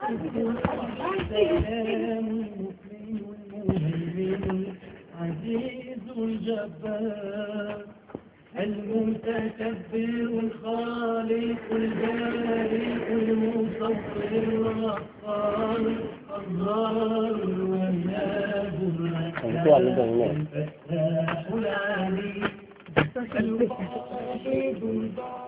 سلام مكرم عزيز الجبار المتكبر الخالق البارئ المصور الغفار الضار الوهاب الفتاح العليم الواحد البار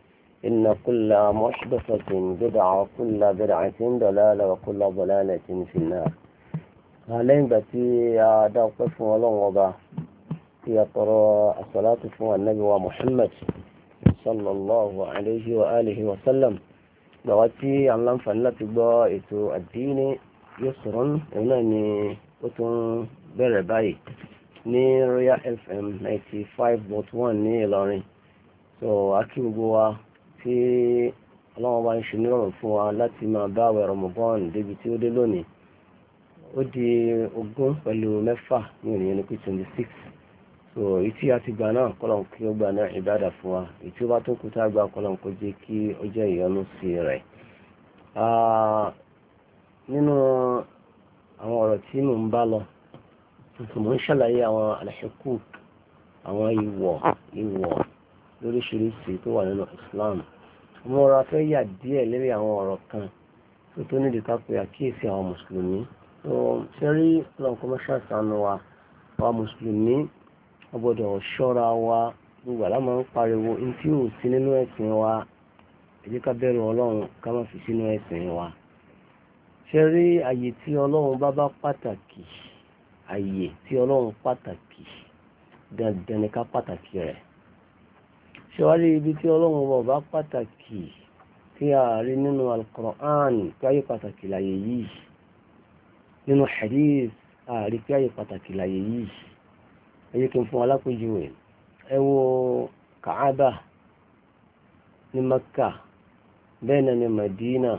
إن كل محدثة بدعة كل بدعة ضلالة وكل ضلالة في النار هلين بتي أدوقف ولون وضع يا ترى الصلاة فوق النبي ومحمد صلى الله عليه وآله وسلم لغتي علم فلت ضائت الدين يسرا إنني أتن بربعي ní royal إف إم five dot one ní ìlọrin so akíngbó wa tí ọlọ́wọ́n bá ń ṣe nírọ̀rùn fún wa láti máa bá àwẹ̀ Ramadan débi tí ó dé lónìí ó di ogún pẹ̀lú mẹ́fà ní ònìyàn ní so ìtí àti gbà náà kọ́lọ̀n kí ó gbà náà ìbádà fún wa ìtí ó bá tó kú tá a gbà kọ́lọ̀n kó jẹ́ kí ó jẹ́ ìyọnu sí rẹ̀. nínú àwọn ọ̀rọ̀ tí mò ń bá lọ lóríṣiríṣi tó wà nínú Islam mo rọra fẹ́ yà díẹ̀ lérí àwọn ọ̀rọ̀ kan tó tó nídìí ká pe àkíyèsí àwọn mùsùlùmí tó ṣe rí ọlọ́run sànù wa àwọn mùsùlùmí ọgbọ́dọ̀ ṣọ́ra wa gbogbo àlá máa ń pariwo ní tí ò sí nínú ẹ̀sìn wa ẹ jẹ́ ká bẹ̀rù ọlọ́run ká má fi sínú ẹ̀sìn wa ṣe rí àyè tí ọlọ́run bá bá pàtàkì àyè tí ọlọ́run pàtàkì dandan ni ká pàtàkì rẹ̀ ṣọwárí ibi tí ọlọ́run ọba ọba pàtàkì tí a rí nínú al-Qur'an pé ayé pàtàkì láyé yìí nínú hadith a rí pé ayé pàtàkì láyé yìí ayé kí n fún alápèjúwe ẹ wo Kaaba ní Makka bẹ́ẹ̀ náà ní Madina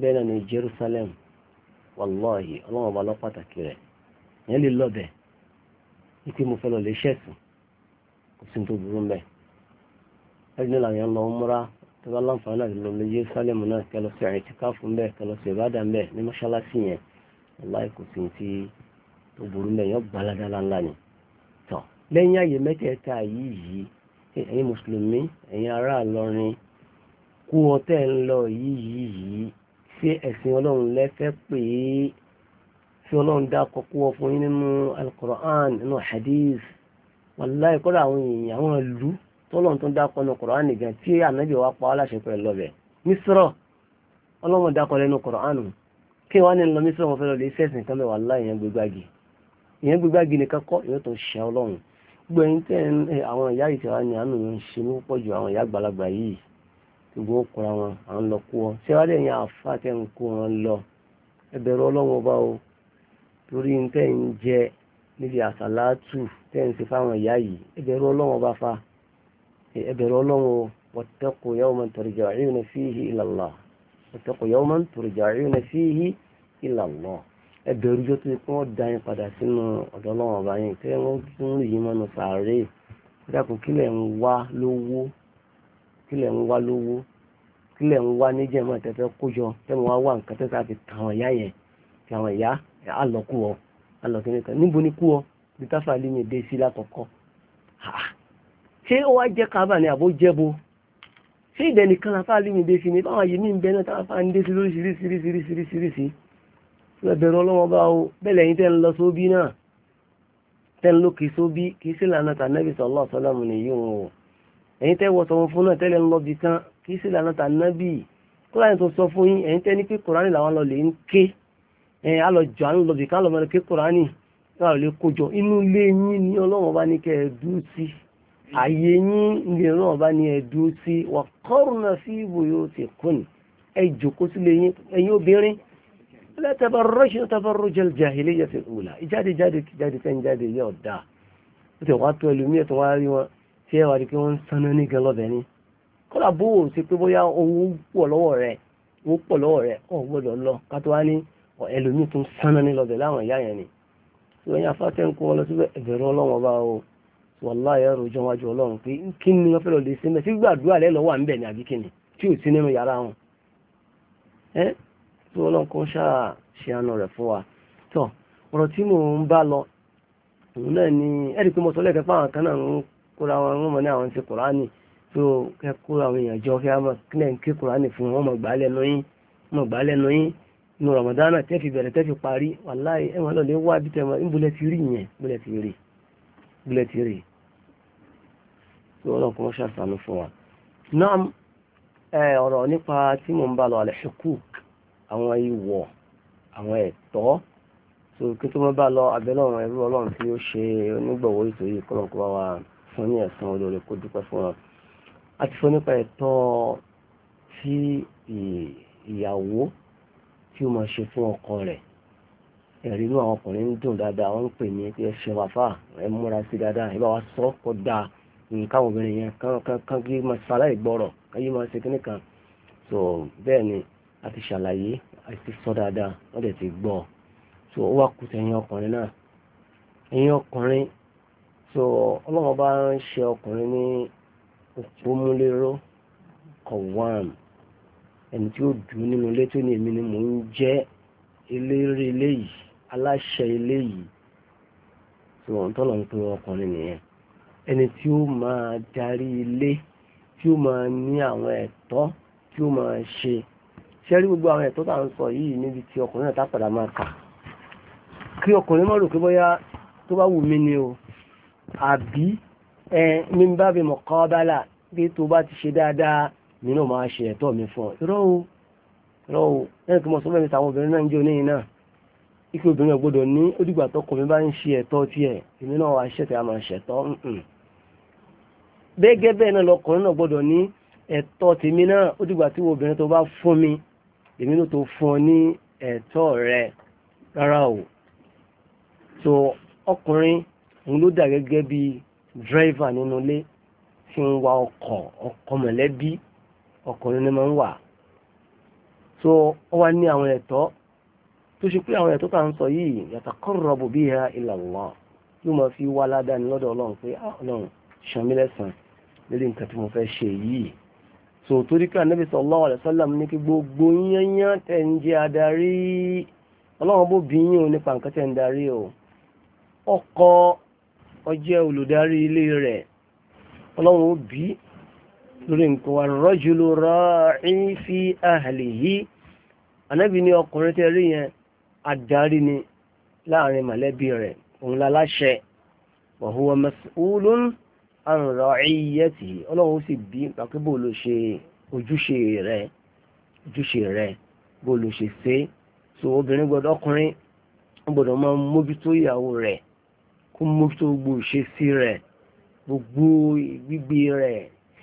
bẹ́ẹ̀ náà ní Jerusalem wàlláhi ọlọ́run ọba lọ pàtàkì rẹ̀ yẹn lè lọ bẹ̀ ní pé mo fẹ́ lọ lè ṣẹ̀sùn kò sí tó burú mbẹ́ẹ̀ ẹni làyàn lọ múra tó bá láǹfààní àti lọlé yé sálẹmù náà kẹlọ sí àyìn tí káfù ń bẹ kẹlọ sí ìbádà ń bẹ ní mọ́ṣáláṣí yẹn aláì kò sí ti tó burú ń bẹ yẹn gbalada ńláńlá ni tọ lẹ́yìn àyè mẹ́tẹ̀ẹ̀ta yìí yìí ẹ̀yin mùsùlùmí ẹ̀yin ará àlọrin kú ọtẹ ń lọ yìí yìí yìí sí ẹ̀sìn Ọlọ́run lẹfẹ pé tí Ọlọ́run dá kọkú ọ fún yín nínú alukoran nínú hadith wàlúwàá ìkọ́ra àwọn èèyàn àwọn ìlú tọ́lọ́n tó dákọ̀ ní kọ̀rọ̀ nìkan tí ànábì wa pa aláṣẹ pẹ̀lú lọ́bẹ̀ mísírọ̀ ọlọ́run dákọ̀ lẹ́nu kọ̀rọ̀ ánù kí wọ́n ní lọ mísírọ̀ wọn fẹ́ lọ lè sẹ́sìn kan mẹ́wàá láì yẹn gbégbági ìyẹn gbégbági nìkan kọ́ ìyẹn tó ṣe ọlọ́run gbogbo ẹni tẹ́ àwọn ìyá yìí tẹ́wàá ní àánú ń ṣe ní pọ̀ ju àwọn ìyá àgbàlagbà yìí gbogbo ó kura wọn à ń lọ kú ẹbẹ̀rẹ̀ ọlọ́run wattaqu yawman turja'una fihi ila Allah wattaqu yawman turja'una fihi ila Allah ẹbẹ̀rù jọ tó yẹ kí wọ́n da yín padà sínú ọ̀dọ̀ ọlọ́run ọba yín tẹ́ wọ́n tún rí yín mọ́nu sàárè dákun kílẹ̀ ń wá lówó kílẹ̀ ń wá lówó mọ́ tẹ́fẹ́ kójọ tẹ́mu wá wà nǹkan tẹ́sà fi tàwọn ìyá yẹn fi àwọn ìyá alọ́kù ọ alọ́kù níbo ni kú ọ bí táfà mi dé sí lákọ̀ọ́kọ́ ṣé ó wá jẹ́ kábà ní àbó jẹ́bo ṣé ìdẹ̀ nìkan láfáà lè mi dé sí ni báwọn yìí ní ìbẹ́ náà táwọn afáà ń dé sí lóríṣiríṣiríṣiríṣiríṣi ẹbẹ̀rún ọlọ́wọ́ bá o bẹ́lẹ̀ yìí tẹ́ ń lọ sóbí náà tẹ́ ń lọ sóbí kì sí lànà tànẹ́bì sallallahu alaihi wasallam nìyí wọn o ẹ̀yin tẹ́ wọ sọ̀rọ̀ fún náà tẹ́lẹ̀ ń lọ bì kan kì í sí lànà tànẹ́bì kúláyìn tó sọ fún yín ẹ̀yin tẹ́ ní pé àyè yín ní ìran ọba ni ẹ̀dùn sí wàkọ́rùnà sí ìbò yóò ti kún ẹ jòkó sílé yín ẹ̀yin obìnrin lẹ́tẹ̀bà rọ́ṣìn tàbárò jẹ́lìjàhìlì yẹ́ ti wùlà ìjáde jáde jáde tẹ́ ń jáde yẹ́ ọ̀dà ó ti wá tó ẹlòmí ẹ̀tọ́ wá rí wọn tí ẹ wà rí pé wọ́n ń sanná ní gan lọ́bẹ̀ ni kọ́lá bówó sí pé bóyá owó pọ̀ lọ́wọ́ rẹ̀ owó pọ̀ lọ́wọ́ rẹ̀ ọ̀ gbọ́dọ̀ lọ ni ìwọ̀nyí afáfẹ́ ń wàlá ẹ̀ rojọ́ wájú ọlọ́run pé kí ni wọ́n fẹ́ lọ lè ṣe mẹ́ sí gbàdúrà lẹ́ lọ́wọ́ à bẹ̀ àbí kìnnì tí ò sí nínú yàrá wọn ẹ́ tí ọlọ́run kan ṣáà ṣe àánú rẹ̀ fún wa tọ́ ọ̀rọ̀ tí mò ń bá lọ òun náà ni ẹ̀rí pé mo sọ lẹ́ẹ̀kẹ́ fáwọn kan náà ń kóra wọn ní àwọn ti kùránì tó kẹ́ kóra àwọn èèyàn jọ kílẹ̀ ń ké kùránì fún tí wọ́n náà kọ́ ṣàṣàánú fún wa. náà ọ̀rọ̀ nípa tí mò ń bá lọ alẹ́ hukuk àwọn ìwọ̀ àwọn ẹ̀tọ́ tó kí tó mọ́ bá lọ abẹ́lọ́run ẹrú ọlọ́run tí ó ṣe onígbọ̀wọ́ ètò yìí kọ́lọ́n kó bá wa fún ní ẹ̀sán olóore kó dúpẹ́ fún wọn. a ti fọ́ nípa ẹ̀tọ́ tí ìyàwó tí ó máa ṣe fún ọkọ rẹ̀ ẹ̀rí inú àwọn ọkùnrin ń dùn dáadáa wọ́n ń pè ní ẹ ṣe wàfà ẹ múra sí dáadáa ẹ wa sọ kó dáa káwọn obìnrin yẹn kan kí máa ṣàlàyé gbọ́rọ̀ kan yí máa ṣe kíní kan so bẹ́ẹ̀ ni a ti ṣàlàyé a ti sọ dáadáa wọ́n dẹ̀ ti gbọ́ so ó wá kùtà ẹ̀yin ọkùnrin náà ẹ̀yin ọkùnrin so ọlọ́wọ́n bá ń ṣe ọkùnrin ní òpómúléró kọ̀wán ẹni tí ó dùn nínú ilé tó ní èmi ni mò ń jẹ́ eléré ilé aláṣẹ ilé so ọ̀n tọ́lọ̀ ń pe ọkùnrin nìyẹn ẹni tí ó máa darí ilé tí ó máa ní àwọn ẹ̀tọ́ tí ó máa ṣe ṣe rí gbogbo àwọn ẹ̀tọ́ tá à ń sọ yìí níbi tí ọkùnrin náà tápàdà máa kà kí ọkùnrin má rò pé bóyá tó bá wù mí ni o àbí ẹ mi bá bí mọ̀kọ́bálà pé tó bá ti ṣe dáadáa mi náà máa ṣe ẹ̀tọ́ mi fún ọ irọ́ o irọ́ o ẹni tó mọ̀ sọ́bẹ̀ mi tàwọn obìnrin náà ń jẹ́ oníyìn náà ike obìnrin ọ̀gbọ́dọ̀ ní ó dìgbà tọkùnrin bá ń ṣe ẹ̀tọ́ tiẹ̀ èmi náà wá ṣẹ̀tẹ̀ á ṣẹ̀tọ́ bẹ́ẹ̀gẹ́ bẹ́ẹ̀ náà lọkùnrin náà gbọ́dọ̀ ní ẹ̀tọ́ tèmi náà ó dìgbà tí obìnrin tó bá fún mi èmi ló tó fún ọ ní ẹ̀tọ́ rẹ rárá o so ọkùnrin òun ló dà gẹ́gẹ́ bí dírẹ́fà nínú ilé tí ń wa ọkọ̀ ọkọ̀ mọ̀lẹ́bí ọkùnrin ni máa ń wà so ó wá ní àwọn ẹ̀tọ́ tó ṣe pé àwọn ẹ̀tọ́ tá à ń sọ yìí yataqarrabu biha ila Allah yóò máa fi wá ládàá ní lọ́dọ̀ ọlọ́run pé ah, ọlọ́run ṣàmìlẹ́sàn lórí nǹkan tí mo fẹ́ ṣe yìí so torí pé anabi sallallahu alaihi wasallam ní kí gbogbo yányán tẹ̀ ń jẹ́ adarí ọlọ́run bó bí yín o nípa nǹkan tẹ̀ ń darí o ọkọ ọjẹ́ olùdarí ilé rẹ̀ ọlọ́run ó bí lórí nǹkan wa rajulu ra'i fi ahlihi anabi ní ọkùnrin tẹ́ rí yẹn adarí ni láàrin mọ̀lẹ́bí rẹ̀ òun la láṣẹ wa huwa àrùnrọ̀ ayé tì í ọlọ́run sì bí pàpẹ́ bó ló ṣe ojúṣe rẹ ojúṣe rẹ bó ló ṣe ṣe so obìnrin gbọ́dọ̀ ọkùnrin gbọ́dọ̀ máa mójútó ìyàwó rẹ kó mójútó gbogbo ìṣesí rẹ gbogbo gbígbé rẹ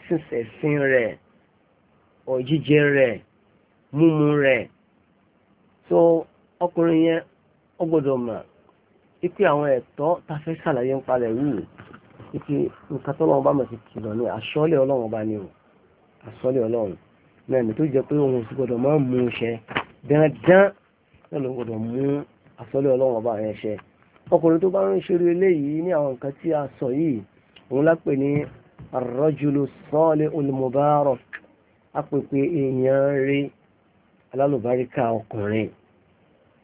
sísẹsìn rẹ ọjíjẹ rẹ mímu rẹ so ọkùnrin yẹn ó gbọ́dọ̀ mọ̀ ipe àwọn ẹ̀tọ́ tá a fẹ́ ṣàlàyé ń palẹ̀ yìí ike nǹkan tó lọ́wọ́ bá mọ̀ sí kìlọ̀ ní àṣọ́lẹ̀ ọlọ́run bá ní o àṣọ́lẹ̀ ọlọ́run náà ní tó jẹ́ pé òun sì gbọ́dọ̀ máa mú un ṣe dandan náà ló gbọ́dọ̀ mú àṣọ́lẹ̀ ọlọ́run bá yẹn ṣe ọkùnrin tó bá ń ṣerú eléyìí ní àwọn nǹkan tí a sọ yìí òun lápè ní arrajulu salihul mubarak apèpè èèyàn rí alálùbáríkà ọkùnrin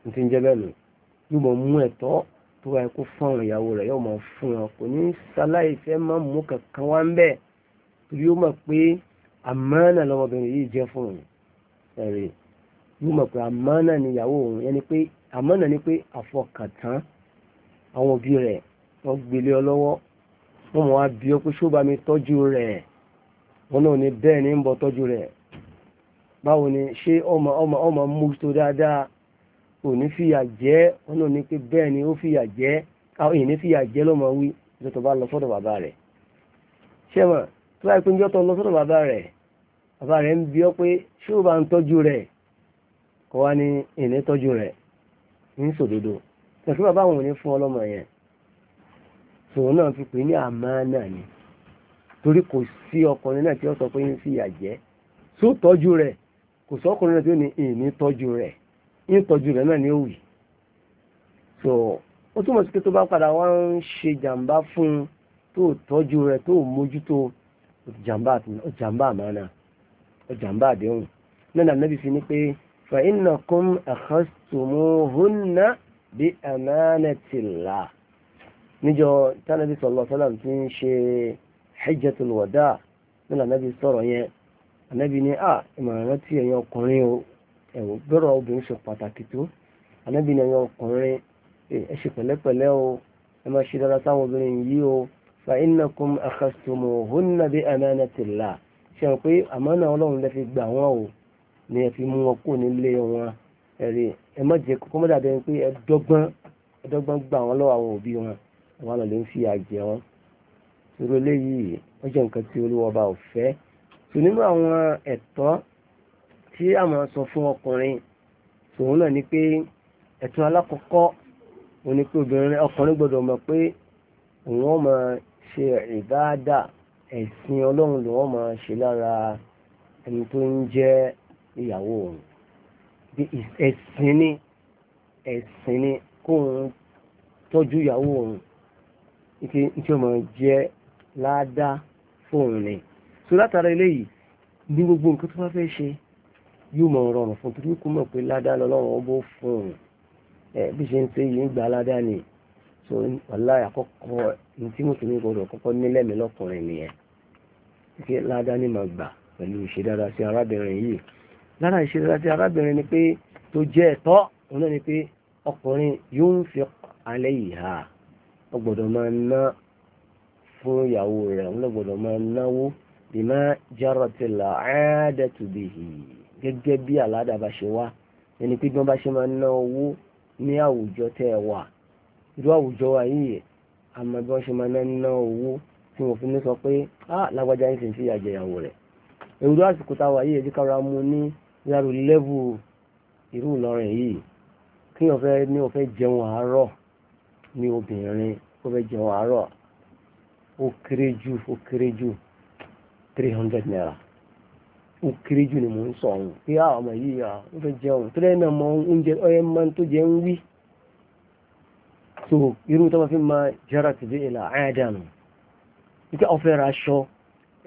ní ti ń jẹ́ bẹ́ẹ̀ tó wáyé kó fún àwọn ìyàwó rẹ̀ yóò máa fún wọn kò ní sáláì fẹ́ máa mú kankan wá ń bẹ̀ torí ó mọ̀ pé àmánà lọ́mọbìnrin yìí jẹ́ fún òun ẹ̀rẹ̀ ní mọ̀ pé àmánà ni ìyàwó òun yẹn ni pé àmánà ni pé àfọkàntán àwọn òbí rẹ̀ wọ́n gbélé ọ lọ́wọ́ wọ́n mọ̀ wá ọ pé ṣó bá mi tọ́jú rẹ̀ wọn náà ní bẹ́ẹ̀ ni ń bọ̀ tọ́jú rẹ̀ báwo ni ṣé ọmọ ọmọ ọmọ mú tó dáadáa òní fìyà jẹ wọn náà ní pé bẹ́ẹ̀ ni ó fìyà jẹ àwọn èèyàn ní fìyà jẹ ló máa wí ìjọ tó bá lọ sọ́dọ̀ bàbá rẹ̀ ṣé mà tó báyìí pé ìjọ tó lọ sọ́dọ̀ bàbá rẹ̀ bàbá rẹ̀ ń bi ọ́ pé ṣé ó bá ń tọ́jú rẹ̀ kọ́ wá ní ìní tọ́jú rẹ̀ ní sòdodo pẹ̀lú bàbá òun ní fún ọlọ́mọ yẹn tòun náà fi pè ní àmánà ni torí kò sí ọkùnrin náà tí ó sọ pé ń fìyà jẹ sótọ́jú yín tọ́jú rẹ̀ náà ní òwì so ó túmọ̀ sí pé tó bá padà wá ń ṣe jàǹbá fún un tó tọ́jú rẹ̀ tó mójútó jàǹbá àmàna jàǹbá àdéhùn náà nàbí fi ní pé fa innakum akhastumuhunna bi amanatillah níjọ tánàbí sallallahu alaihi wasallam tí ń ṣe hajjatul wada náà nàbí sọ̀rọ̀ yẹn nàbí ní à ìmọ̀ràn rántí ẹ̀yìn ọkùnrin o ẹ̀wò gbọ́dọ̀ obìnrin ṣe pàtàkì tó anábì ní ẹ̀yàn ọkùnrin ẹ ṣe pẹ̀lẹ́pẹ̀lẹ́ o ẹ máa ṣe dára sáwọn obìnrin yìí o fa innakum akhastumuhunna bi amanatillah ṣe pé àmánà ọlọ́run lè fi gbà wọ́n o ni ẹ fi mú wọn kó nílé wọn ẹ̀rí ẹ má jẹ́ kókó mọ́ dàbí pé ẹ dọ́gbọ́n gbà wọ́n lọ́wọ́ àwọn òbí wọn wọn lọ lè ń fi àjẹ wọn torí eléyìí wọ́n jẹ́ nǹkan tí olúwọba ò fẹ́ tò tí a máa sọ fún ọkùnrin tòun náà ni pé ẹ̀tọ́ alákọ̀ọ́kọ́ òun ni pé obìnrin ọkùnrin gbọ́dọ̀ mọ̀ pé òun ó máa ṣe ìbáàdà ẹ̀sìn ọlọ́run lòun ó máa ṣe lára ẹni tó ń jẹ́ ìyàwó òun bí ẹ̀sìn ni ẹ̀sìn ni kóun tọ́jú ìyàwó òun ike tí jẹ́ ládàá fóun ni so látara eléyìí ní gbogbo nǹkan tó bá fẹ́ ṣe yóò mọ̀ rọrùn fún torí kó mọ̀ pé ládàá lọ́wọ́ ó bó fún un ẹ̀ bí ṣe ń ṣe yìí ń gba ládàá ni so wàláhì àkọ́kọ́ ní tí mùsùlùmí gbọdọ̀ kọ́kọ́ nílẹ̀mí lọ́kùnrin nìyẹn pé ládàá ni màá gbà pẹ̀lú ìṣe dáadáa sí arábìnrin yìí lára ìṣe dáadáa sí arábìnrin ni pé tó jẹ́ ẹ̀tọ́ òun náà ni pé ọkùnrin yóò ń fi alẹ́ ìhà ọgbọ̀dọ̀ máa ná fún ìyàwó rẹ̀ òun náà gbọdọ̀ máa náwó bima jaratil aadatu bihi gẹ́gẹ́ bí àládà bá ṣe wá ẹni pé bí wọ́n bá ṣe máa ná owó ní àwùjọ tẹ́ ẹ wà irú àwùjọ wa yìí àmọ́ bí wọ́n ṣe máa ná owó tí wọ́n fi ní sọ pé á lágbájá ń sìn sí àjẹyàwó rẹ̀ irú àsìkò táwa yìí ẹ̀dí kára mu ní yàrá lẹ́bù irú Ìlọrin yìí kí wọ́n fẹ́ ní wọ́n fẹ́ jẹun àárọ̀ ní obìnrin ó fẹ́ jẹun àárọ̀ ó kéré jù ó kéré jù three hundred naira ó kéré jù ni mò ń sọ ọ̀hún pé àwọn ah, ọmọ yìí à ah, ń fẹ́ jẹun tó lẹ́yìn náà mọ oúnjẹ ọyẹ máa tó jẹ ń wí so irú tó bá fi máa jẹ́ra tìbí ìlà àádánù wípé ọ̀fẹ́ ra aṣọ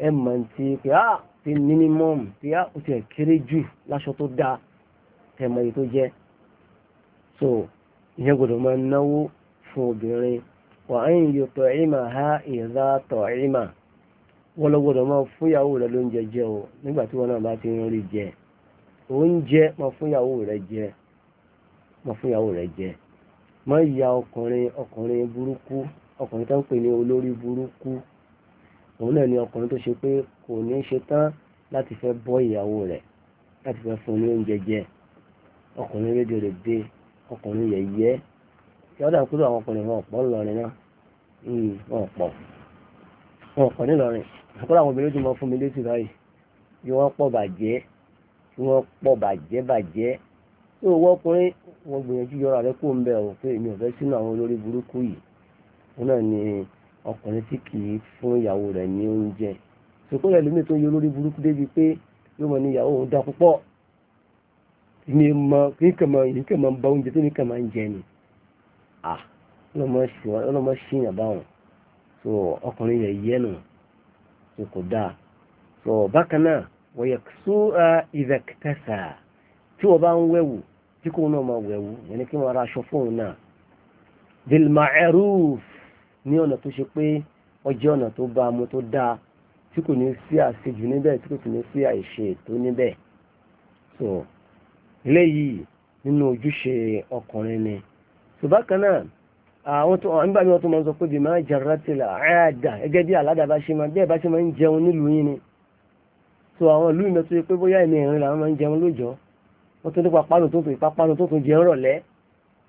ẹ̀ máa ti pé à ah, ti minimum pé à ó ti ẹ̀ kéré jù láṣọ tó dáa tẹ̀mọ̀ yìí tó jẹ́ so ìyẹn gbọ́dọ̀ máa náwó fún obìnrin wà á ń yọ tọ̀ ìmà ha ìdá tọ̀ ìmà wọ́n lọ gbọ́dọ̀ máa fúnyàwó rẹ lóúnjẹ jẹ o nígbà tí wọn náà bá ti ń rí jẹ oúnjẹ máa fúnyàwó rẹ jẹ máa fúnyàwó rẹ jẹ máa ya ọkùnrin ọkùnrin burúkú ọkùnrin tó ń pè ní olórí burúkú òun náà ni ọkùnrin tó ṣe pé kò ní ṣe tán láti fẹ́ bọ́ ìyàwó rẹ̀ láti fẹ́ fún un ní oúnjẹ jẹ ọkùnrin rédíò rẹ̀ dé ọkùnrin yẹ̀yẹ́ yọ̀dà kúrò àwọn ọkùnrin wọn ọ̀pọ̀ ńlọrin náà hmm, wọn ọ̀pọ̀ wọn ọ̀pọ̀ nílọrin àkọ́lá àwọn obìnrin tó mọ fún mi létí báyìí bí wọ́n pọ̀ bàjẹ́ bí wọ́n pọ̀ bàjẹ́ bàjẹ́ tó wọ́ ọkùnrin wọn gbìyànjú yọra rẹ kó ń bẹ̀ ọ̀ pé èmi ò fẹ́ sínú àwọn olórí burúkú yìí wọn náà ni ọkùnrin tí kì í fún ìyàwó rẹ̀ ní oúnjẹ ṣùkú rẹ̀ lómi tó yẹ olórí burúkú débi pé yóò mọ ní ìyàwó òun dá púpọ̀ ní mọ kí kàn máa máa ba oúnjẹ tó ní kàn máa ń jẹ ni ah ọlọmọ ṣìyàn báwọn so ọkùnrin yẹn yẹ n kò dáa sọ bákan náà wọ́n yẹ sọ ìrẹ̀kẹ́tẹ̀sà tí wọ́n wewu ń wẹ̀wù tí kò náà máa wẹ̀wù ni kí wọ́n ra aṣọ fóun náà bilma'ruf ní mu tó dáa tí kò nibe so leyi ninu ni so àwọn tó ọ̀n bá mi wọ́n tó máa sọ pé bí máa jẹ̀rọ ti là áàdà gẹ́gẹ́ bí aládà bá ṣe máa bẹ́ẹ̀ bá ṣe máa ń jẹun nílùú yín ni so àwọn ìlú ìmọ̀ tó yẹ pé bóyá ẹ̀mí ìrìn làwọn máa ń jẹun lóòjọ́ wọ́n tó nípa pánù tó tó ipa pánù tó tó jẹun rọ̀lẹ́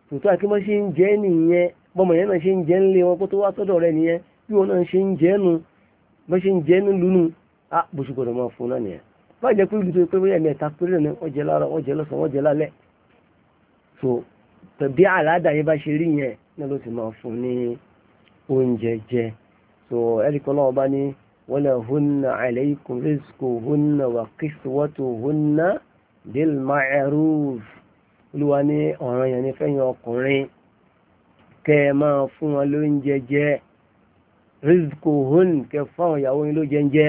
tòótọ́ àti mọ́ ṣe ń jẹ́ nìyẹn bọ́mọ yẹn náà ṣe ń jẹ́ ń lé wọn kó tó wá sọ́dọ̀ rẹ nìyẹn bí so tẹ̀bí àládà yẹn bá náà ló ti máa fún ní oúnjẹ jẹ so ẹ̀ríkọ́ náà bá ní walahunna alaykum rizquhunna wa kiswatuhunna bil ma'ruf olúwa ní ọ̀ràn yẹn ní fẹ́yìn ọkùnrin kẹ́ ẹ máa fún wọn lóúnjẹ jẹ rizquhun kẹ́ fáwọn ìyàwó yín ló jẹ ń jẹ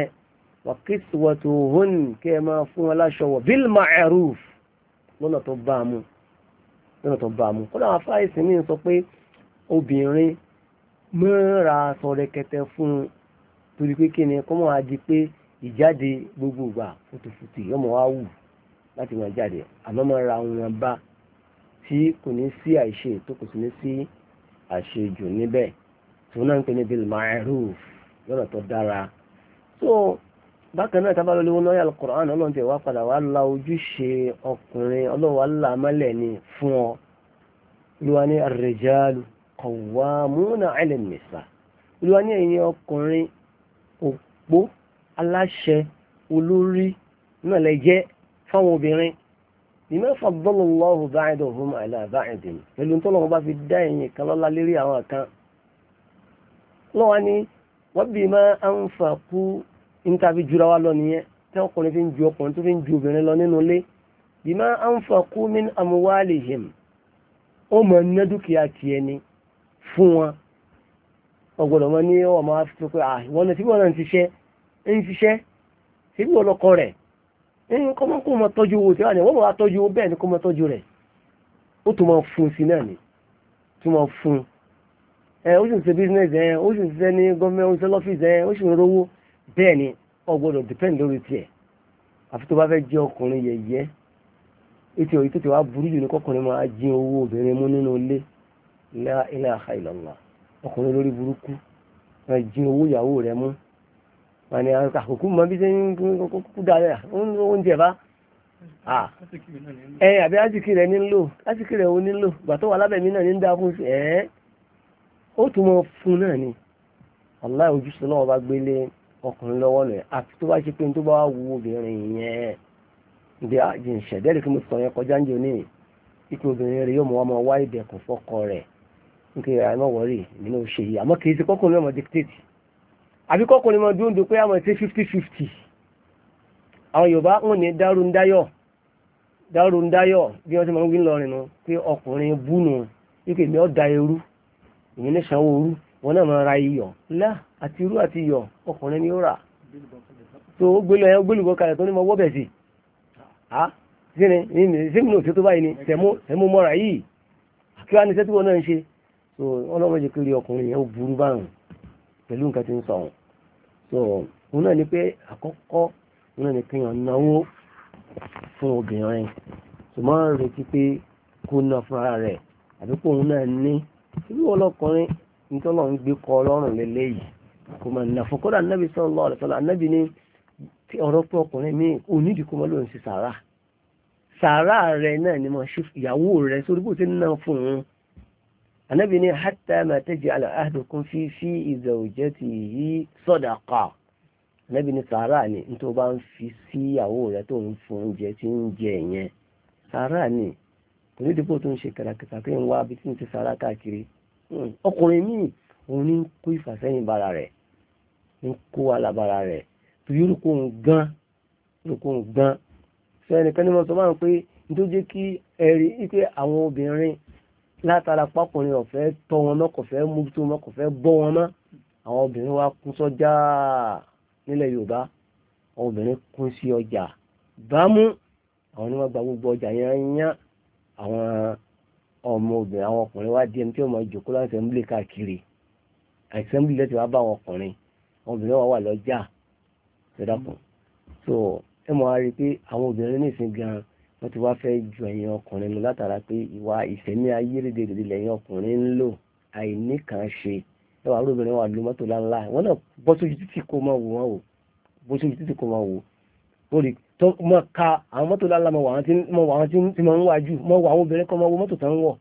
wa kiswatuhun ẹ máa fún wọn láṣọ wọ̀ bil lọ́nà tó bá a mú lọ́nà tó bá a mú kọ́lá àfáà ìsìn mi sọ pé obìnrin mọ́ra aṣọ rẹkẹtẹ fún un torí pé kí ni kọ́mọ́ á di pé ìjáde gbogbo ìgbà yọmọ wa wù láti máa jáde àmọ́ máa ra wọn bá tí kò ní sí àìṣe tó kò sì ní sí àṣejù níbẹ̀ tó náà ń pè ní bil ma'ruf lọ́nà tó dára tó bákan náà tábàlọ́ lówó lọ́yà al-Qur'an ọlọ́run tẹ̀ wá padà wá la ojúṣe ọkùnrin ọlọ́run wá là á ni fún ọ ló ní ar qawwamuna 'ala an-nisa olúwa ní ẹ̀yin ọkùnrin òpó aláṣẹ olórí náà lẹ jẹ́ fáwọn obìnrin bima faddala Allahu ba'dahum 'ala ba'din pẹ̀lú tó lọ́wọ́ bá fi dá ẹ̀yin kan lọ́lá lérí àwọn kan lọ́wọ́ ni wa bima anfaqu níta-fi jura wa lọ nìyẹn tí ọkùnrin fi ń ju ọkùnrin tó fi ń ju obìnrin lọ nínú ilé bima anfaqu min amwalihim ó mọ̀ ní dúkìá tiẹ̀ ni fún wọn ọgbọ̀dọ̀ wọn ní ọwọ́ máa fi pé àwọn ah, ọ̀nà tí wọ́n náà ń ṣiṣẹ́ ń ṣiṣẹ́ tí wọ́n lọ́kọ rẹ̀ ń kọ́ mọ́ mọ́ tọ́jú owó tí wọ́n ní wọ́n tọ́jú owó bẹ́ẹ̀ ni kó mọ́ tọ́jú rẹ̀ ó tún máa fún sí náà ni tún máa fún ẹ ó sì ń ṣe business ẹ ó sì ń ṣiṣẹ́ ní gọ́ọ̀mẹ́ntì ó ń ṣe lọ́fíìsì ẹ ó sì ń rówó bẹ́ẹ̀ ni ọgbọ́dọ̀ depend lórí tiẹ̀ àfi tó bá fẹ́ jẹ́ ọkùnrin yẹ̀yẹ́ ètò ìtòtò wa burú jù ní kọkùnrin máa jí owó obìnrin mú nínú ilé la ilaha illallah ọkùnrin lórí burúkú wọn jí owó ìyàwó rẹ mú wọn ni àkókò ah, mọ bí sẹyìn kúkú dalẹ oúnjẹ bá ẹ àbí ásìkì rẹ nílò ásìkì rẹ ò nílò gbàtọ wà lábẹ mi náà ní dá fún ẹ ó tún mọ fún náà ni ọlá ojúṣe náà bá gbélé ọkùnrin lọ́wọ́ nù àti tó bá ṣe pé tó bá wù obìnrin yẹn bí àjìnṣẹ̀dẹ́rì kí mo sọ yẹn kọjá ń jò ní ipò obìnrin rẹ yóò mọ wá ìdẹ̀kùn fọ́kọ rẹ̀ nke àmọ́ wọ̀rí nínú ṣe yìí àmọ́ kìí ṣe kọ́kùnrin ọmọ dictate àbí kọ́kùnrin ọmọ dúndùn pé àmọ́ ṣe fifty fifty àwọn Yorùbá ń ní dárú ń dáyọ̀ dárú ń dáyọ̀ bí wọ́n ti máa ń wí lọ́rin nu pé ọkùnrin búnu ike mi ọ́ da eru ìyẹn ní sanwó orú wọn náà máa ra iyọ̀ lá àti irú àti iyọ̀ ọkùnrin ni ó rà tó gbélé ẹ gbélùbọ kalẹ̀ tó ní mo wọ́bẹ̀ sí i sí ni sí mi ní òṣèlú tó báyìí ni tẹ̀mú mọ́ra yìí kí wàá ní sẹ́tí wọn so ọlọ́mọdé kiri ọkùnrin yẹn ó burú báyìí pẹ̀lú nǹkan tí ń sọ ọ̀hún so òun náà ni pé àkọ́kọ́ òun náà ni kéèyàn náwó fún obìnrin so máa ń retí pé kó ná fúnra rẹ̀ àbí pé òun náà ní irú ọlọ́kùnrin nítorí ọlọ́run gbé kọ ọlọ́run lélẹ́yìí kò máa ná fún kódà anábì sallallahu alaihi wasallam anábì ní ọ̀rọ̀ pé ọkùnrin mi ò nídìí kó máa lóun ṣe sàárà sàárà rẹ̀ náà ni mo ṣe ìyàwó rẹ̀ sórí bó ti ń ná fún un anábì ní hatta ma fi fi zawjatihi sadaqa yi ní ni ní tó bá ń fi sí ìyàwó rẹ tó ń fún oúnjẹ tí je jẹ yẹn sàárà ni kò ní dípò tó ń ṣe kàràkàtà ti tsara kakiri hmm. ọkùnrin ni òun ní kó ìfàsẹ́yìn bára rẹ̀ ní kó alábára rẹ̀ gan gan mo sọ máa ń pé jẹ́ kí ẹ̀rí pé àwọn látara pákùnrin ọ̀fẹ́ tọ́ wọn mọ́ kò fẹ́ mú tó mọ́ kò fẹ́ bọ́ wọn mọ́ àwọn obìnrin wa kún sọ́jà nílẹ̀ Yorùbá àwọn obìnrin kún sí ọjà bámú àwọn ni wọ́n gba gbogbo ọjà yẹn yán àwọn ọmọ obìnrin àwọn ọkùnrin wa di ẹni tí wọ́n máa jòkó láti ẹ̀mílẹ̀ káàkiri àìsẹ́mílẹ̀ lẹ́tì wá bá àwọn ọkùnrin àwọn obìnrin wa wà lọ́jà ṣẹ̀dá so ẹ mọ̀ wá rí i pé àwọn obìnrin nísìnyí gan-an wọ́n ti wá fẹ́ ju ẹ̀yin ọkùnrin lọ látara pé ìwà ìsẹ̀mí ayérédèrèdè lẹ́yìn ọkùnrin ń lò àìní kan ṣe ẹwà arúgbìnrin wà lu mọ́tò láńlá wọn náà bọ́ sójú títì kó máa wò wọ́n wò bọ́ sójú títì kó máa wò wọ́n rí tó máa ka àwọn mọ́tò láńlá mọ̀ wọ́n ti máa ń wá jù mọ́ wọ àwọn obìnrin kan máa wọ mọ́tò tó ń wọ̀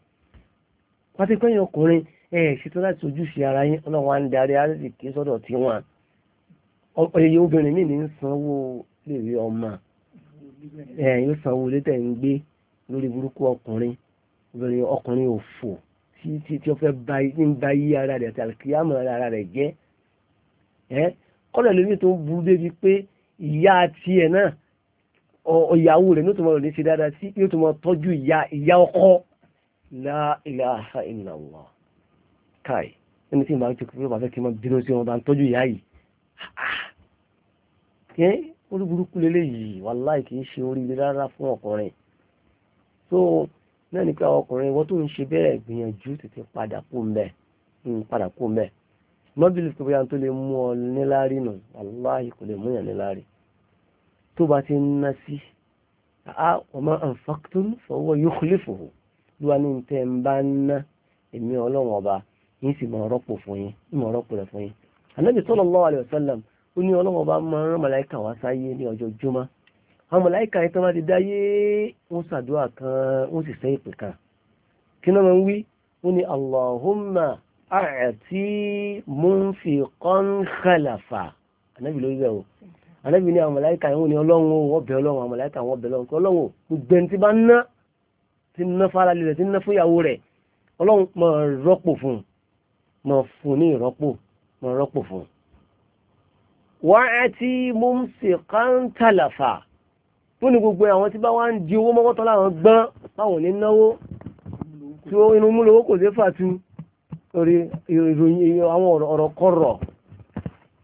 wọ́n ti pẹ́yìn ọkùnrin ẹ̀ ṣètò láti ojúṣe ara yín ọlọ́run wa ń darí àrísìkí sọ́dọ̀ tiwọn obìnrin míì ní sanwó lè rí ọmọ ẹ̀ yóò san owó ilé tẹ̀ ń gbé lórí burúkú ọkùnrin obìnrin ọkùnrin òfò tí tí tí ó fẹ́ ń ba yí ara rẹ̀ àti àkíyàmọ̀ ara rẹ̀ jẹ́ ẹ́ kọ́lẹ̀ lórí tó ń burú débi pé ìyá tiẹ̀ náà ìyàwó rẹ̀ ní ó tó mọ̀ ní ṣe dáadáa sí yóò tó mọ̀ tọ́jú ìyá ìyá ọkọ la ilaha illallah káì ẹni tí màá ti kúrò bàtẹ́ kí n máa bínú sí wọn bá ń tọ́jú ìyá yìí orí burúkú lélẹ́yìí wàláì kì í ṣe oríire rárá fún ọkùnrin so náà ní pé ọkùnrin wọ́n tó ń ṣe bẹ́ẹ̀ gbìyànjú tètè padà kú mbẹ́ padà kú mbẹ́ mọ́bìlì tó bóyá tó lè mú ọ níláárí nù wàláì kò lè mú yàn níláárí tó bá ti ń ná sí ọmọ ànfàkùtù fọwọ́ yóò kúlé fòwò lúwa ní tẹ́ ń bá ń ná èmi ọlọ́run ọba yìí sì mọ̀ ọ́rọ́pò fún yín mọ̀ ọ́rọ́pò rẹ̀ fún yín Ànábì sallallahu alaihi wasallam ó ní ọlọ́wọ́ bá máa rán màláìkà wá sáyé ní ọjọ́ jùmọ́ àwọn màláìkà yìí tán bá ti dáyé wọ́n ṣàdúrà kan wọ́n sì sẹ́ ìpè kan kí náà máa ń wí ó ní Allahumma a'ti munfiqan khalafa ànábì lórí rẹ̀ o ànábì ní àwọn màláìkà yìí wọ́n ní ọlọ́run o wọ́n bẹ̀ ọlọ́run àwọn màláìkà wọ́n bẹ̀ ọlọ́run kí ọlọ́run rọ́pò fún un fún ní ìrọ́pò máa rọ́pò fún un wọ́n á ti mú sí káńtàlàfà fún ní gbogbo àwọn tí bá wá ń di owó mọ́wọ́tọ́ láwọn gbọ́n láwọn ò ní náwó tí ó inú múlò owó kò sí fàtú lórí ìròyìn àwọn ọ̀rọ̀ kọ̀rọ̀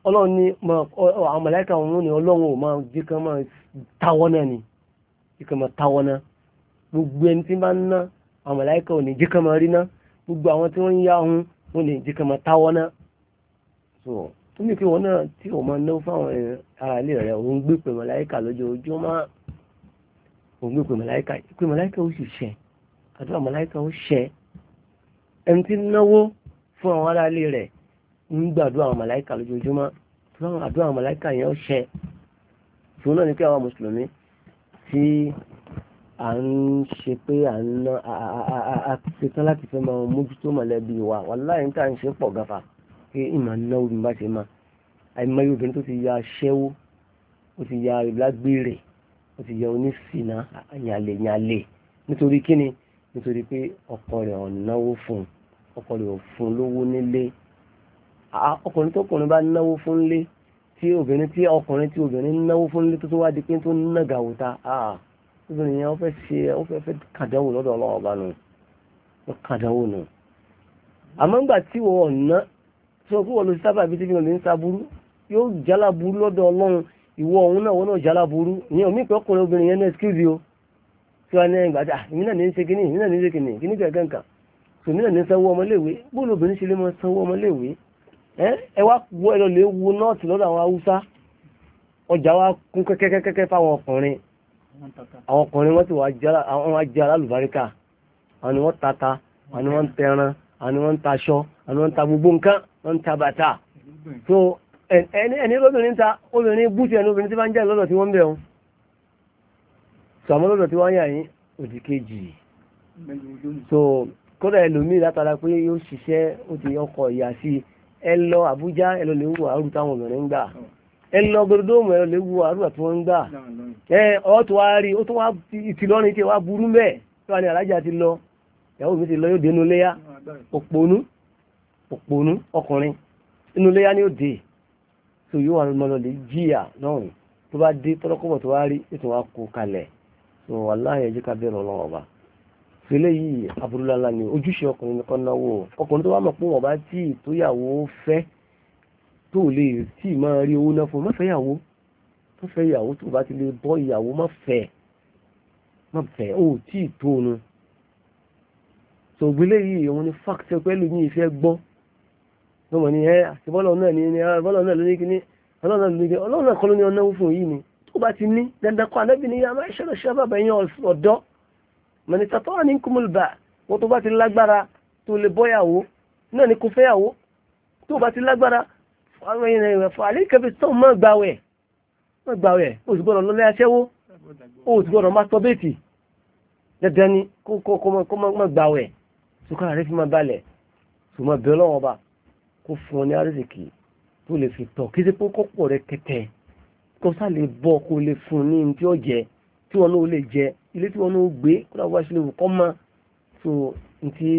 ọlọ́run ní àwọn mọ̀láìkà òun ní ọlọ́run ò máa jí kan máa táwọ́ náà ni jí kan máa táwọ́ náà gbogbo ẹni tí bá ń ná àwọn mọ̀láìkà ò ní jí kan máa rí náà gbogbo àwọn tí wọ́n ń yá ohun ò ní jí kan máa táwọ́ náà tó ní kí wọn náà tí o máa náwó fáwọn eh, ara ilé rẹ òun gbé pè màláìkà lójoojúmọ́ òun gbé pè màláìkà pè màláìkà ó sì ṣẹ àdúrà màláìkà ó ṣẹ ẹni tí náwó fún àwọn ará ilé rẹ ń gbàdúrà àwọn màláìkà lójoojúmọ́ tó láwọn àdúrà àwọn màláìkà yẹn ó ṣẹ tó náà ní kí àwọn mùsùlùmí tí à ń ṣe pé à ń ná àti ṣetán láti fẹ́ máa mójútó mọ̀lẹ́bí wa wàláhì ń ń ṣe pọ̀ gáfà pé ìmọ̀ náwó bí mo bá ṣe máa àìmọye obìnrin tó ti ya aṣẹ́wó ó ti ya ìlágbèrè ó ti ya oníṣìnà àyàlèyàlè nítorí kíni nítorí pé ọkọ rẹ̀ ò náwó fún ọkọ rẹ̀ ò fún lówó nílé ọkùnrin tó kùnrin bá náwó fún lé tí obìnrin tí ọkùnrin tí obìnrin náwó fún lé tó tó wá di pé tó nàgàwò ta obìnrin yẹn ó fẹ́ ṣe ó fẹ́ fẹ́ kàdánwò lọ́dọ̀ ọlọ́wọ́ bá nù ó kàdánwò nù àmọ́ ńgbà tí wọ́n ọ̀nà sọ fún wọn lọ sí sábà bíi tí wọn lè ń saburú yóò jálá burú lọ́dọ̀ ọlọ́run ìwọ òun náà wọn náà jálá burú ìyẹn omi ìpẹ́ ọkùnrin obìnrin yẹn ní ẹsikúùsì o tí wọn ní ẹgbàá dà ah, èmi náà ní í ṣe kíní èmi náà ní í ṣe kíní kíní gẹ̀gẹ́ nǹkan tòmí náà ní sanwó ọmọléèwé bóòlù obìnrin ṣe lè mọ sanwó ọmọléèwé ẹ ẹ wá wọ ẹ lọ lè wo nọ́ọ̀tì lọ́dọ̀ àwọn haúsá ọjà wa kún kẹ́kẹ́kẹ́kẹ́ fáwọn ọkùnrin àwọn ọkùnrin wọn ti wà tata àwọn ni wọ́n ń tẹran àwọn ni wọ́n ń ń tabata so ẹni ẹni lóbìnrin ta obìnrin búṣẹ ní obìnrin tí bá ń jẹ́ lọ́dọ̀ tí wọ́n ń bẹ̀ wọn sọmọ lọ́dọ̀ tí wọ́n yà yín òdì kejì so kódà ẹlòmíì látara pé yóò ṣiṣẹ́ ó ti ọkọ̀ ìyá sí ẹ lọ Àbújá ẹ lọ lè wù àrùn táwọn obìnrin ń gbà ẹ lọ gbọdọdọmọ ẹ lọ lè wù àrùn àti wọn ń gbà ẹ ọ tó wá rí ó tó wá ìtìlọrin tí wàá burú mẹ́ẹ̀ tí wàá ní alájà ti lọ ìyàwó mi ti lọ yóò dénú léyà òpònú òpònú ọkùnrin inú iléyà ni ó dé tó yóò wà lọ́lọ́ lè jìyà náà rìn tó bá dé tọ́lọ́kọ́bọ̀ tó wá rí ètò wa kó kalẹ̀ tó wà láàyè ẹjẹ́ ká bẹ̀rẹ̀ ọlọ́wọ́ ọba fẹlẹ́ yìí aburulala ni ojúṣe ọkùnrin nìkan náwó ọkùnrin tó wá mọ̀ pé wọ́n bá tí ìtóyàwó fẹ́ tó lè tí ì máa rí owó náà fún mọ́fẹ́ ìyàwó tó fẹ́ ìyàwó tó bá ti lè bọ́ ìyàwó mọ́fẹ́ mọ́fẹ́ ó tí ì tóonu tògbélé yìí òun ni fáktẹ́ pẹ́lú yìí fẹ́ gbọ́ tó mọ̀ ní ẹ́ àti bọ́lọ̀ náà ní ní ah, bọ́lọ̀ náà ló ní kí ní ọlọ́run náà ló ní kí ọlọ́run náà kọ́ ló ní ọ̀nà fún yìí ni tó bá ti ní dandan kọ́ anábì ní yàrá ìṣẹ̀lẹ̀ ṣẹ́ bàbá yẹn ọ̀dọ́ mọ̀nìtà tó wà ní kúmùlùbà wọ́n tó bá ti lágbára tó lè bọ́yàwó náà ní kò fẹ́yàwó tó bá ti lágbára àwọn èèyàn rẹ̀ fọ àlẹ́ kẹfì tó mọ̀ gbàwẹ̀ mọ̀ gbàwẹ̀ o sì gbọ́dọ̀ kó fún ọ ní àrísìkì tó lè fi tọ̀ kí sí pé kọ́pọ̀ rẹ kẹtẹ kó sá lè bọ́ kó lè fún ní ní tí ó jẹ tí wọn náà lè jẹ ilé tí wọn náà gbé kó náà wá sílé wò kọ́ mọ́ tó ní tí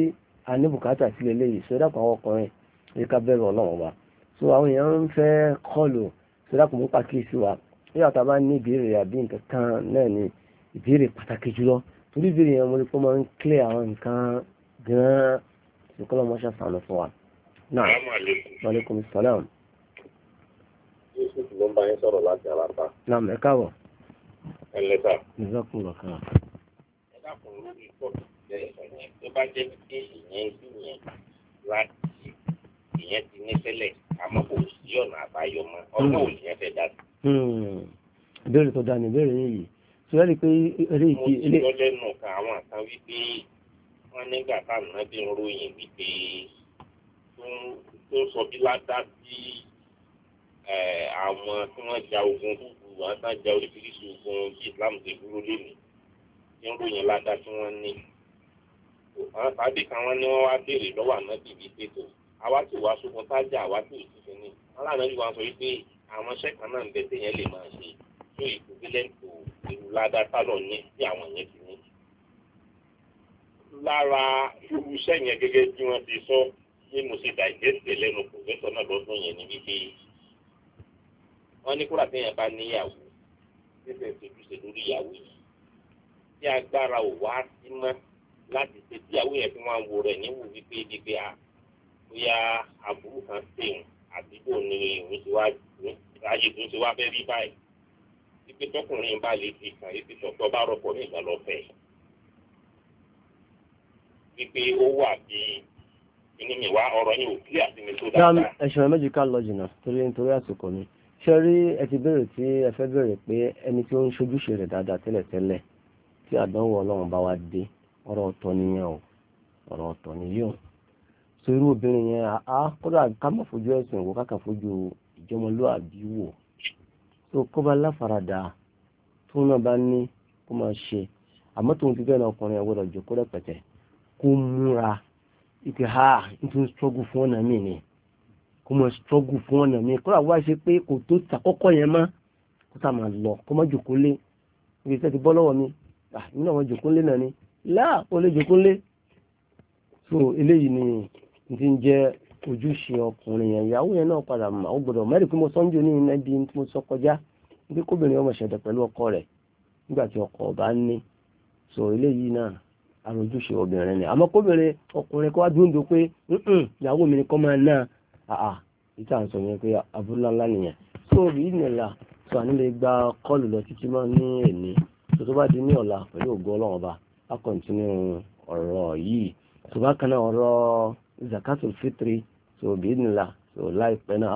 a ní bùkátà sílé léyìí sọ àwọn ọkùnrin èyí ká bẹ̀rù ọlọ́run wa so àwọn èèyàn ń fẹ́ kọlù sọ dàpọ̀ mú pàkíyèsí wa nígbà tá a bá ní ìbéèrè àbí nǹkan kan náà ni ìbéèrè pàtàkì jùlọ torí ìbéèrè yẹn mo rí pé ó máa ń clear àwọn nǹkan gan-an ṣùgbọ́n ọmọ fún wa náà wàlékùn sàlám. yusuf ló ń bá yín sọ̀rọ̀ láti alápá. naam ẹ káàbọ̀. ẹ lẹ́tà. ìzọ́kùn lọ kàn. ẹ dákun lórí pọ́ọ̀tù ìyẹn tó bá jẹ́ pé ìyẹn bí yẹn láti ìyẹn ti ní tẹ́lẹ̀ àmọ́ kò sí ọ̀nà àbáyọ mọ́ ọgbọ́n ò hmm. yẹn fẹ́ dá hmm. ìbéèrè tó dáa ni ìbéèrè yín yìí tí wọ́n rí pé eré ìkí. mo ti lọ lẹ́nu kan àwọn kan wípé wọ́n nígbà táwọn náà tó sọ bí ládá bí àwọn tí wọ́n ja ogun gbogbo wọn tán ja oríṣiríṣi ogun bí Islam ṣe dúró lónìí tí ń ròyìn ládá tí wọ́n ní. àwọn tàbí kan wọ́n ní wọ́n wá béèrè lọ́wọ́ ànábì bíi pẹ̀tọ́ àwa tí wàá sókun tájà àwa tí òtún fi ní. aláàánú yìí wá sọ wípé àwọn iṣẹ́ kan náà ń bẹ téèyàn lè máa ṣe tó ìkúbílẹ̀ǹtò ìlú ládá sálọ̀ ní tí àwọn yẹn ti ní. lára irú iṣẹ́ yẹn gẹ́gẹ́ bí wọ́n ti sọ tí mo ṣe dàìjẹ́sì lẹ́nu kò gbẹ́sọ̀ náà lọ́dún yẹn níbi pé wọ́n ní kúrò àtẹ̀yìn bá níyàwó tẹ̀sẹ̀ ṣojúṣe lórí ìyàwó yìí tí agbára ò wá sí mọ́ láti ṣe tí ìyàwó yẹn fi máa ń wo rẹ̀ níwò wípé wípé a ah, bóyá àbúrò kan ṣèun àdúgbò ni òun ti wá ayé tó ń ṣe wá fẹ́ rí báyìí wípé tọkùnrin bá lè fi kàn ètò ìṣọ̀tọ̀ bá rọ̀pọ̀ nígbà lọ́fẹ̀ẹ́ wípé ó wà bíi inú mi wá ọ̀rọ̀ yìí ò kílẹ̀ àti mi tó dáadáa. ẹ̀ṣọ́ méjì ká lọ jìnnà torí nítorí àsìkò mi ṣe rí ẹ ti béèrè tí ẹ fẹ́ béèrè pé ẹni tí ó ń ṣojúṣe rẹ̀ dáadáa tẹ́lẹ̀tẹ́lẹ̀ tí àdánwò ọlọ́run bá wá dé ọ̀rọ̀ ọ̀tọ̀ nìyẹn o ọ̀rọ̀ ọ̀tọ̀ nìyẹn o so irú obìnrin yẹn a kódà ká má fojú ẹ̀sìn wò káka fojú ìjọmọlúàbí wò so kó bá láfaradà tó náà bá ní kó máa ṣe àmọ́ tóun ti bẹ́ẹ̀ ọkùnrin ẹ̀ gbọ́dọ̀ jòkó rẹpẹtẹ kó múra ìpè ha n tún struggle fún ọ̀nà mi ni kó mọ struggle fún ọ̀nà mi kó làwọn ṣe pé kò tó tàkọ́kọ́ yẹn mọ́ kó tà máa lọ kó mọ jòkó lé ibi iṣẹ́ ti bọ́ lọ́wọ́ mi nínú àwọn jòkó lé náà ni láà ó lè jòkó lé so eléyìí ni n ti ń jẹ́ ojúṣe ọkùnrin yẹn ìyàwó yẹn náà padà mà ó gbọdọ̀ mẹ́rin pé mo sọ ń jò ní iná bí mo sọ kọjá bí kóbìnrin ọmọ ṣẹ̀dẹ̀ pẹ̀lú ọkọ rẹ̀ nígbà tí ọkọ ọba ń ní so eléyìí náà ara ojúṣe obìnrin ni àmọ́ kóbìnrin ọkùnrin kó wá dúndú pé ìyàwó mi ni kọ́ máa ná àà ìta ń so yẹn pé abúlá ńlá nìyẹn tó rí ìnìlà tó àní lè gba kọ́ọ̀lù lọ títí máa ní tó tó bá di ní ọ̀la pẹ̀lú ògo ọlọ́run ọba á kọ̀ǹtínú ọ̀rọ̀ yìí tó bá kan náà ọ̀rọ̀ zakatul fitri tó ìnìlà tó láìpẹ́ náà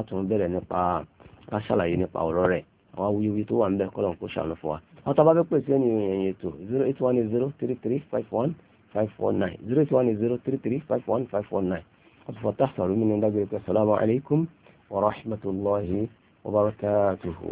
àwọn tó bá fẹ́ pèsè ẹni ìròyìn ètò zero eight one zero three three five one five four nine zero eight one zero three three five one five four nine àtúfọ̀ táṣà lómi ní dágbére pé salamu alaykum wa rahmatulahi wa barakatuhu.